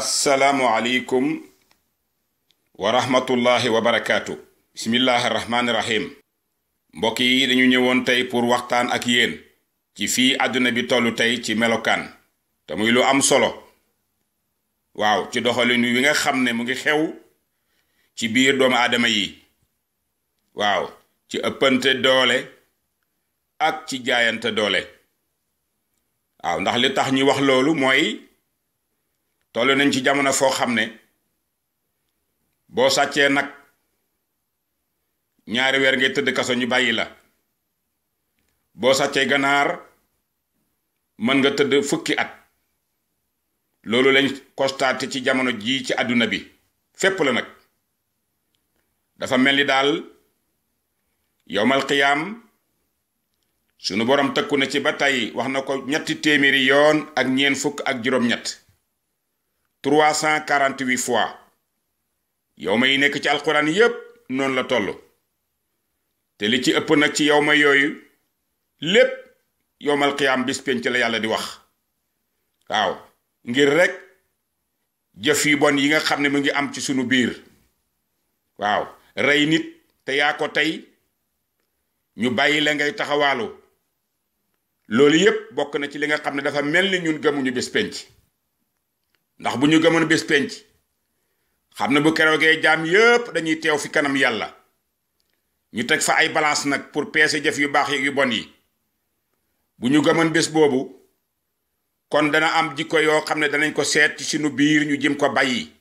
asalaamualeykum wa rahmatullahi wa barakaatu. bismillahi rahmaani rahim. mbokk yi dañu ñëwoon tey pour waxtaan ak yéen. ci fii àdduna bi tollu tey ci melokaan. te muy lu am solo. waaw ci doxalin wi nga xam ne mu ngi xew ci biir doomu aadama yi waaw ci ëppante doole ak ci jaayante doole waaw ndax li tax ñuy wax loolu mooy toll nañ ci jamono foo xam ne boo sàccee nag ñaari weer ngay tëdd kaso ñu bàyyi la boo sàccee ganaar mën nga tëdd fukki at loolu lañ constaté ci jamono jii ci àdduna bi fépp la nag dafa mel ni daal yowmal qiyaam sunu boroom tëkku na ci ba tey wax na ko ñetti téeméeri yoon ak ñeen fukk ak juróom-ñett cent 348 fois yow ma yi nekk ci alquran yépp noonu la toll te li ci ëpp nag ci yow ma yooyu lépp yawmal qiyaam bis penc la yàlla di wax waaw ngir rek jëf yi bon yi nga xam ne mu ngi am ci sunu biir waaw rey nit te yaa ko tey ñu bàyyi la ngay taxawaalu loolu yépp bokk na ci li nga xam ne dafa mel ni ñun gëmuñu bis penc ndax bu ñu gëmoon bés penc xam ne bu keroogee jaam yépp dañuy teew fi kanam yàlla ñu teg fa ay balance nag pour peese jëf yu baax yi bon yi bu ñu gëmoon bés boobu kon dana am jikko yoo xam ne danañ ko seet ci nu biir ñu jëm ko bàyyi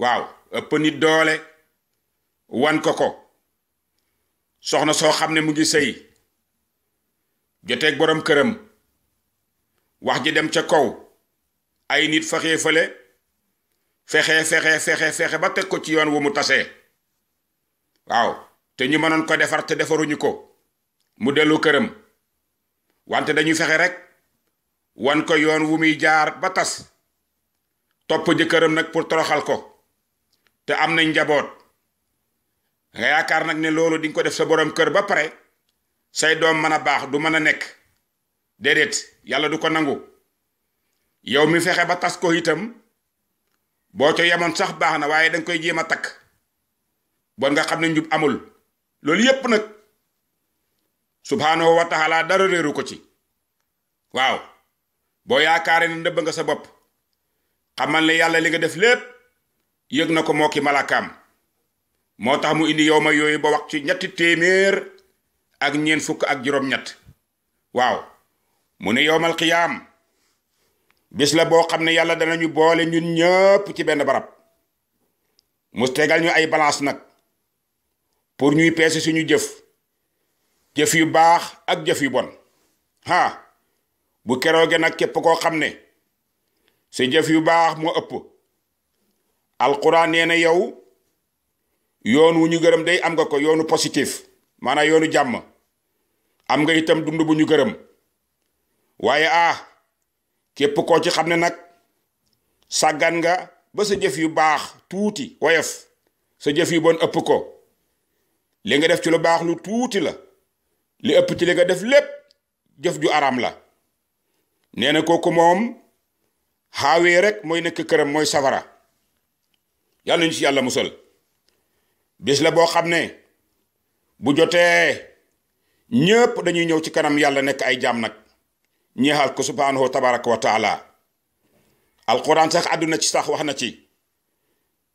waaw ëpp nit doole wan ko ko soxna soo xam ne mu ngi sëy jotee boroom këram wax ji dem ca kaw ay nit fexe fële fexe fexe fexe fexe ba teg ko ci yoon wu mu tasee waaw te ñu mënoon ko defar te defaruñu ko mu dellu këram wante dañuy fexe rek wan ko yoon wu muy jaar ba tas topp jëkkëram nag pour toroxal ko te am nañ njaboot nga yaakaar nag ne loolu dinga ko def sa boroom kër ba pare say doom mën a baax du mën a nekk déedéet yàlla du ko nangu yow mi fexe ba tas ko itam boo ca yemoon sax baax na waaye danga koy jéem a takk bon nga xam ne njub amul loolu yépp nag subhaanahu wa taala dara réeru ko ci waaw boo yaakaaree ne ndëbb nga sa bopp xamal ne yàlla li nga def lépp yëg na ko moo ki malakaam moo tax mu indi yow ma yooyu ba wax ci ñetti téeméer ak ñeent fukk ak juróom-ñett waaw mu ne yowmal qiyaam bis la boo xam ne yàlla danañu boole ñun ñëpp ci benn barab mu tegal ñu ay balance nag pour ñuy peese suñu jëf jëf yu baax ak jëf yu bon ha bu keroogee nag képp koo xam ne sa jëf yu baax moo ëpp alquran nee na yow yoon wu ñu gërëm day am nga ko yoonu positif maanaam yoonu jàmm am nga itam dund bu ñu gërëm waaye ah képp koo ci xam ne nag sàggan nga ba sa jëf yu baax tuuti woyof sa jëf yi bon ëpp ko li nga def ci lu baax lu tuuti la li ëpp ci li nga def lépp jëf ju araam la nee na kooku moom xaawee rek mooy nekk këram mooy safara yàlla ñu ci yàlla musal bis la boo xam ne bu jotee ñépp dañuy ñëw ci kanam yàlla nekk ay jaam nag ñeexal ko subhaanahu tabaraka wa taala alquran sax àdduna ci sax wax na ci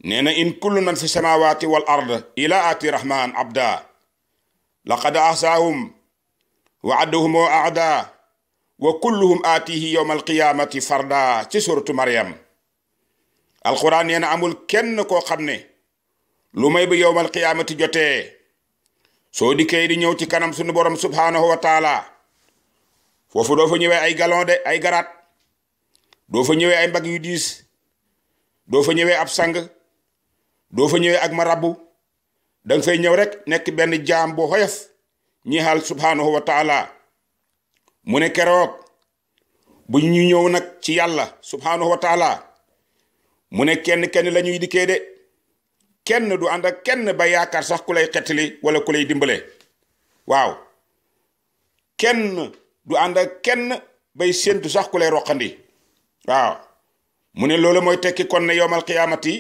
nee na in kullu man fi samawati wal ard ila ati rahman abda laqad ahsaahum wa addahum aada wa kulluhum aatihi yowma alqiyamati farda ci suratu maryam alquran nee amul kenn koo xam ne lu may ba yowma alqiyamati jotee soo dikkee di ñëw ci kanam sunu borom subhaanahu wa taala foofu doo fa ñëwee ay galon de ay garaat doo fa ñëwee ay mbag yu diis doo fa ñëwee ab sang doo fa ñëwee ak marabu da nga fay ñëw rek nekk benn jaam bu xoyof ñi xaal subhanahu wa mu ne keroog bu ñu ñëw nag ci yàlla subhanahu wa mu ne kenn kenn la ñuy dikkee de kenn du ànd kenn ba yaakaar sax ku lay xettali wala ku lay dimbale waaw kenn du ànd ak kenn bay séentu sax ku lay roqandi waaw mu ne loolu mooy tekki kon ne yowmal qiyaamati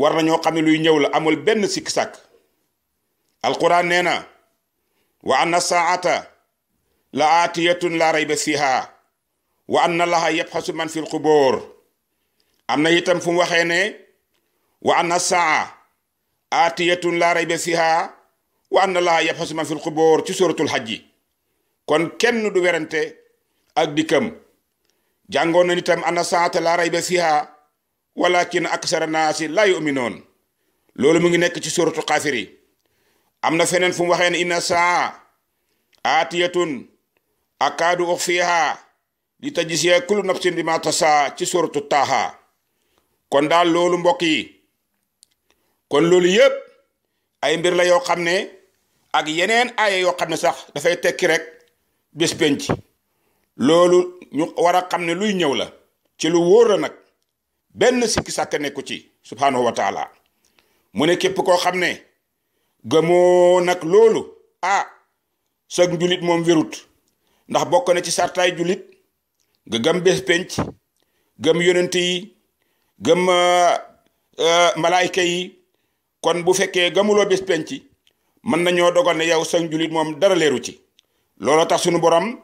war na xam ne luy ñëw la amul benn sikk sàkk alquran nee na wa anna saata la aatiyatun la rayba fiha wa anna laha yabxasu man fil qubur am na itam fu waxee ne wa na saa aatiyatun la rayba fiha wa anna laha yabxasu man fil qubur ci suratul hajji kon kenn du werante ak dikkam jàngoon na nitam ana saata laa rayba fiha walakin aksara naasi laa yuminoon loolu mu ngi nekk ci suratu xaafir yi am na feneen fu mu waxee ne inna saa aatiyatun akaadu uxfiha li tajisiya kullu nafsin bi ma tasaa ci suratu taaha kon daal loolu mbokk yi kon loolu yépp ay mbir la yoo xam ne ak yeneen aaya yoo xam ne sax dafay tekki rek bés penc loolu ñu war a xam ne luy ñëw la ci lu wóor la nag benn sikki sàkk nekku ci subhanahu wa mu ne képp koo xam ne gëmoo nag loolu ah sag njulit moom wérut ndax bokk na ci sartaay julit nga gëm bés penc gëm yonent yi gëm euh, euh, malaayka yi kon bu fekkee gëmuloo bés penc mën nañoo dogal ne yow sag njulit moom dara leeru ci looloo tax sunu borom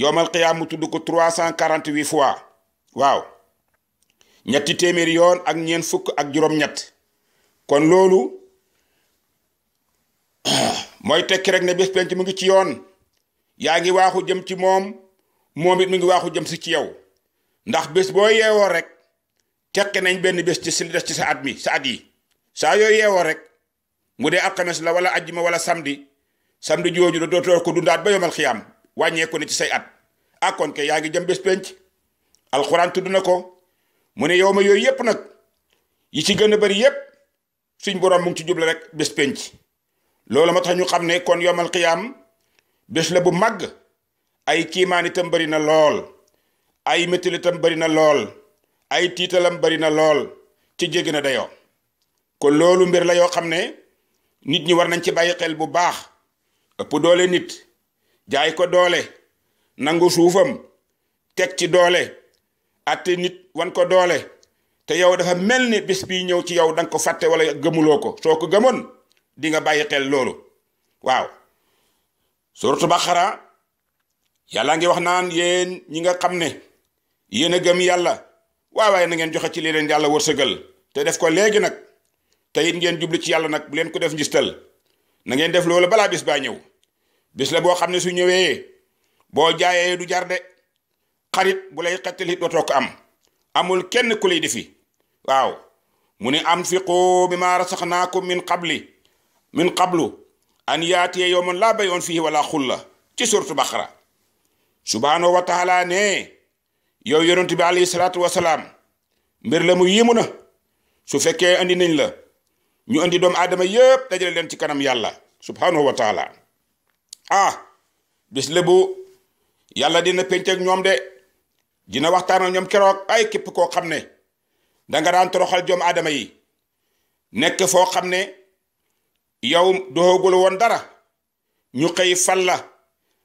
yowmal qiyaam mu tudd ko cent 348 fois waaw ñetti téeméer yoon ak ñeent fukk ak juróom-ñett kon loolu mooy tekki rek ne bés penc mu ngi ci yoon yaa ngi waaxu jëm ci moom moom it mu ngi waaxu jëm si ci yow ndax bés boo yeewoo rek tekki nañ benn bés ci si des ci sa at mi sa at yi saa yooyu yeewoo rek mu dee alxames la wala ajjuma wala samedi samedi jooju da dootoo ko dundaat ba yomal xiyaam wàññeeku ne ci say at akon ah, ke yaa ngi jëm bés penc alxuraan tudd na ko mu ne yow ma yooyu yépp nag yi ci gën a bari yépp suñ borom mu ngi ci jublu rek bés penc loolu ma tax ñu xam ne kon yomal xiyaam bés la bu màgg ay kiimaan itam bari na lool ay méttal itam bari na lool ay tiitalam bari na lool ci jéggi na dayoo kon loolu mbir la yoo xam ne nit ñi war nañ ci bàyyi xel bu baax ëpp doole nit jaay ko doole nangu suufam teg ci doole atte nit wan ko doole te yow dafa mel ni bis bii ñëw ci yow danga ko fàtte wala gëmuloo ko soo ko gëmoon di nga bàyyi xel loolu waaw suratu Baqara yàlla ngi wax naan yéen ñi nga xam ne yéen a gëm yàlla waaw waaye na ngeen joxe ci li leen yàlla wërsëgal te def ko léegi nag te it ngeen jubli ci yàlla nag bu leen ko def njistal na ngeen def loolu balaa bis baa ñëw bis la boo xam ne su ñëwee boo jaayee du jarde xarit bu lay xettali dootoo ko am amul kenn ku lay defi waaw mu ne anfiqu mimma rasaxnaakum min xabli min xablu an yaatiya yawman laa bayoon fihi wala xulla ci suurtu baqara subhaanahu wa taala ne yow yonent bi alayhi salaatu mbir la mu yimu na su fekkee andi nañ la ñu andi doomu aadama yépp dajale leen ci kanam yàlla subhaanahu wa ah bis la bu yàlla dina penc ñoom de dina waxtaan ak ñoom keroog ay képp koo xam ne danga daan troxal jom aadama yi nekk foo xam ne yow doxagul woon dara ñu xëy fal la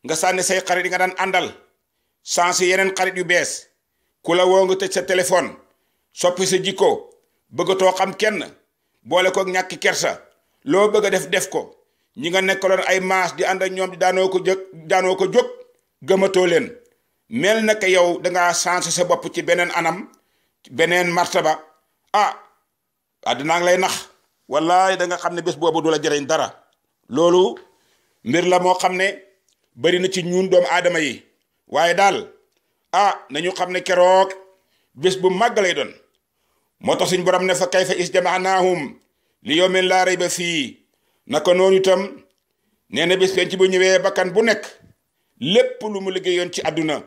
nga sànni say xarit yi nga daan àndal sans yeneen xarit yu bees ku la nga tëj sa téléphone soppi sa jikko bëggatoo xam kenn boole kook ñàkk kersa loo bëgg a def def ko ñi nga nekkaloon ay maas di ànd ak ñoom di daanoo ko jëkk daanoo ko jóg gëmatoo leen mel na yow danga changé sa bopp ci beneen anam beneen martaba ah àddinaa ngi lay nax wallaay da nga xam ne bés boobu du la jëriñ dara loolu mbir la moo xam ne bari na ci ñun doomu aadama yi waaye daal ah nañu xam ne keroog bés bu màgg lay doon moo tax suñ borom ne fa kayfa is jamaanaahum li yawmin laa rayba fii naka noonu itam nee na bis penc bu ñëwee bakkan bu nekk lépp lu mu liggéeyoon ci adduna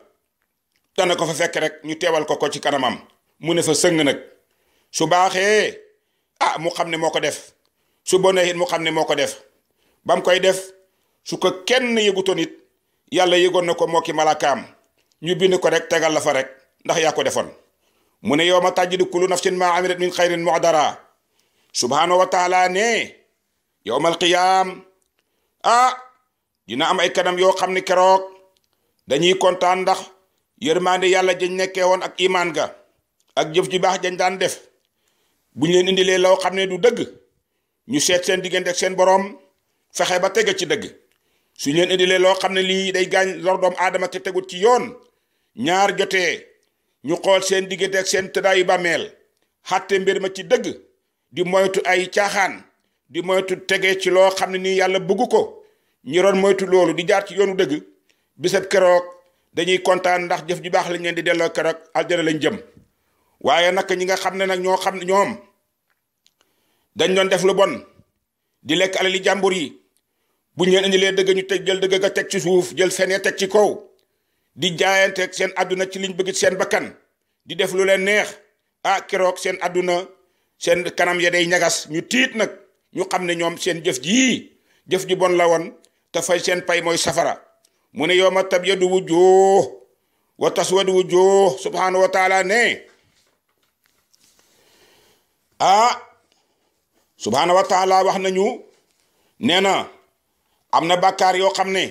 dana ko fa fekk rek ñu teewal ko ko ci kanamam mu ne fa sëng nag su baaxee ah mu xam ne moo ko def su bonee it mu xam ne moo ko def ba koy def su kenn yëgutoon it yàlla yëgoon na ko moo ki malaakaam ñu bind ko rek tegal la fa rek ndax yaa ko defoon mu ne yow ma tàjjidu kullu nafsin ma amilat min xayrin muxdara subhaanahu wa taala ne yow yowmal qiyaam ah dina am ay kanam yoo xam ne keroog dañuy kontaan ndax yërmaande yàlla jañ nekke woon ak imaan ga ak jëf ji baax jañ daan def buñ leen indilee loo xam ne du dëgg ñu seet seen diggante seen boroom fexe ba tege ci dëgg suñ leen indilee loo xam ne lii day gaañ lor doom aadama te tegut ci yoon ñaar jotee ñu xool seen diggante ak seen tëddaayu bàmmeel xàtte mbir ma ci dëgg di moytu ay caaxaan di moytu tege ci loo xam ne nii yàlla bëgg ko ñi doon moytu loolu di jaar ci yoonu dëgg bisab keroog dañuy kontaan ndax jëf ju baax lañ leen di delloo keroog aljana lañ jëm waaye nag ñi nga xam ne nag ñoo xam ne ñoom dañ doon def lu bon di lekk alali jàmbur yi bu ñu leen dëgg ñu teg jël dëgg a teg ci suuf jël fenee teg ci kaw di jaayanteeg seen àdduna ci liñ bëgg seen bakkan di def lu leen neex ah keroog seen àdduna seen kanam ya day ñagas ñu tiit nag ñu xam ne ñoom seen jëf ji jëf ji bon la woon te fay seen pay mooy safara mu ne yawma tabyadu wujuh wa taswadu wujuh subhanahu wa taala ne ah subhanahu wa wax nañu nee na am na bàkkaar yoo xam ne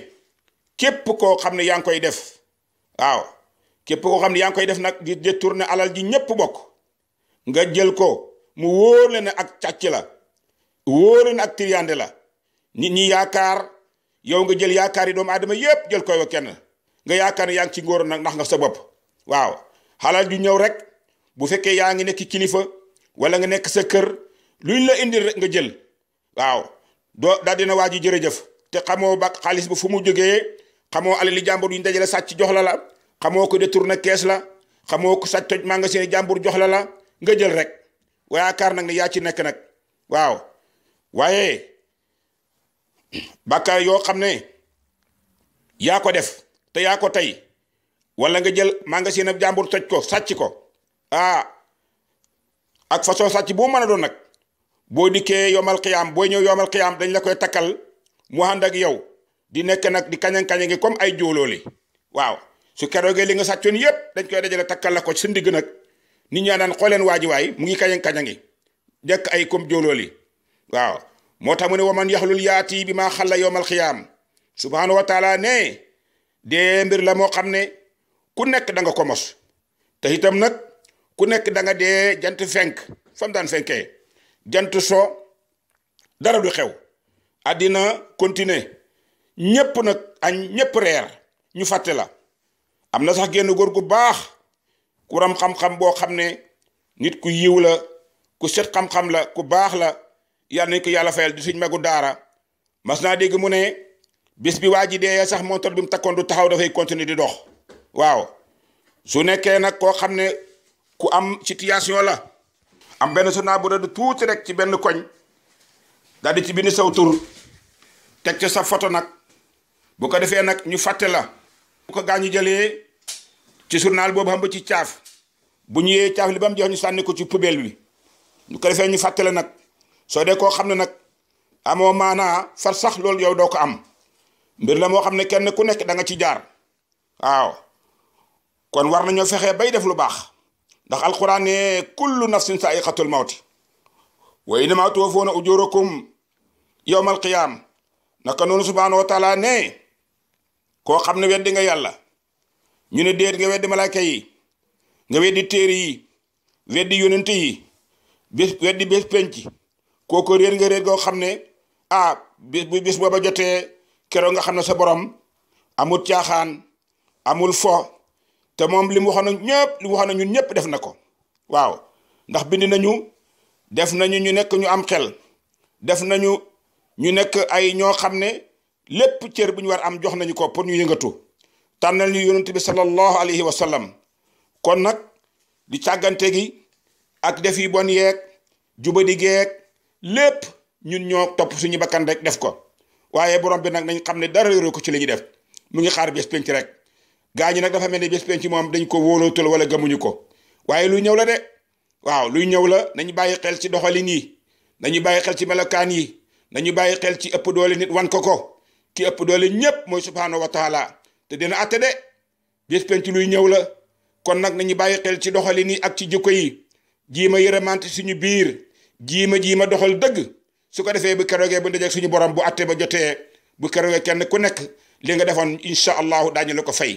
képp koo xam ne yaa ngi koy def waaw képp koo xam ne yaa ngi koy def nag di ne alal ji ñépp bokk nga jël ko mu wóor la ak càcc la wóore na ak triande la nit ñi yaakaar yow nga jël yaakaar yi doomu aadama yépp jël koy wa kenn nga yaakaar yaa ngi ci ngóor nag ndax nga sa bopp waaw xalal ju ñëw rek bu fekkee yaa ngi nekk kilifa wala nga nekk sa kër luñ la indil rek nga jël waaw doo daal dina waa ji jërëjëf te xamoo ba xaalis bu fu mu jógee xamoo alali jàmbur yu ñu dajale jox la la xamoo ko détourné kees la xamoo ko sàcc toj magasin jàmbur jox la la nga jël rek yaakaar na ne yaa ci nekk nag waaw waaye bàkkaar yoo xam ne yaa ko def te yaa ko tey wala nga jël magasin ab jàmbur toj ko sàcc ko ah ak façon sàcc bu mën a doon nag boo dikkee yomal xiyaam boo ñëw yomal xiyaam dañ la koy takkal mu ànd ak yow di nekk nag di kañang-kañangi comme ay jóolooli waaw su keroogee li nga sàccoon yépp dañ koy dajale takkal la ko si ndigg nag nit ñaa naan xooleen waaji waay mu ngi kañang-kañangi dekk ay comme jóolooli waaw moo tax mu ne waman yaxlul yaati bi maa xalla yowmal xiyaam subhaanahu wa taala ne dee mbir la moo xam ne ku nekk da nga ko mos te itam nag ku nekk da nga dee jant fenk fam daan fenkee jant so dara du xew àddina continuer ñépp nag a ñépp reer ñu fàtte la am na sax génn góor gu baax ku ram xam-xam boo xam ne nit ku yiw la ku set xam-xam la ku baax la yal nañ ko yàlla fayal di suñ magu daara mas naa dégg mu ne bis bi waa ji dee sax montor bi mu takkoon du taxaw dafay continuer di dox waaw su nekkee nag koo xam ne ku am situation la am benn sunaa bu du tuuti rek ci benn koñ daal di ci bind saw tur teg ca sa photo nag bu ko defee nag ñu fàtte la bu ko gaañu jëlee ci journal boobu xam ba ci caaf bu ñëwee caaf li ba mu jox ñu sànni ko ci poubelle bi bu ko defee ñu fàtte la nag soo de koo xam ne nag amoo maanaa far sax loolu yow doo ko am mbir la moo xam ne kenn ku nekk danga nga ci jaar waaw kon war nañoo fexe bay def lu baax ndax alquran ne kullu nafsin saaiqatul mawti wa innamaa tuwaffoona ujurakum yawmal qiyaam naka noonu subhaanahu wa taala ne koo xam ne weddi nga yàlla ñu ne déet nga weddi malaaka yi nga weddi téere yi weddi yonent yi weddi bés kooku réer nga réer goo xam ne ah bis bu bis booba jotee keroog nga xam ne sa borom amul caaxaan amul fo te moom li mu waxoon na ñëpp li mu na ñun ñëpp def na ko waaw ndax bind nañu def nañu ñu nekk ñu am xel def nañu ñu nekk ay ñoo xam ne lépp cër bu ñu war am jox nañu ko pour ñu yëngatu tànnal ñu yonent bi sallallahu alayhi wa kon nag di càggante gi ak def yi bon yeeg jubadi geeg lépp ñun ñoo topp suñu bakkan rek def ko waaye borom bi nag nañ xam ne dara réeru ko ci li ñuy def mu ngi xaar bés rek gaa ñi nag dafa mel ni bés penc moom dañ ko wóolootul wala gëmuñu ko waaye luy ñëw la de waaw luy ñëw la nañu bàyyi xel ci doxalin yi nañu bàyyi xel ci melokaan yi nañu bàyyi xel ci ëpp doole nit wan ko ko ki ëpp doole ñépp mooy subhaanahu wa taala te dina atte de bés penc luy ñëw la kon nag nañu bàyyi xel ci doxalin yi ak ci jikko yi jiima yërëmante suñu biir jiima jiima doxal dëgg su ko defee bu keroogee bu dajeeg suñu boram bu attee ba jotee bu keroogee kenn ku nekk li nga defoon incha allahu daañu ko fay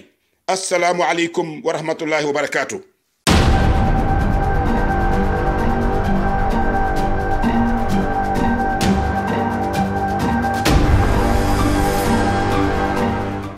asalaamualeykum wa rahmatullahi wa barakaatu.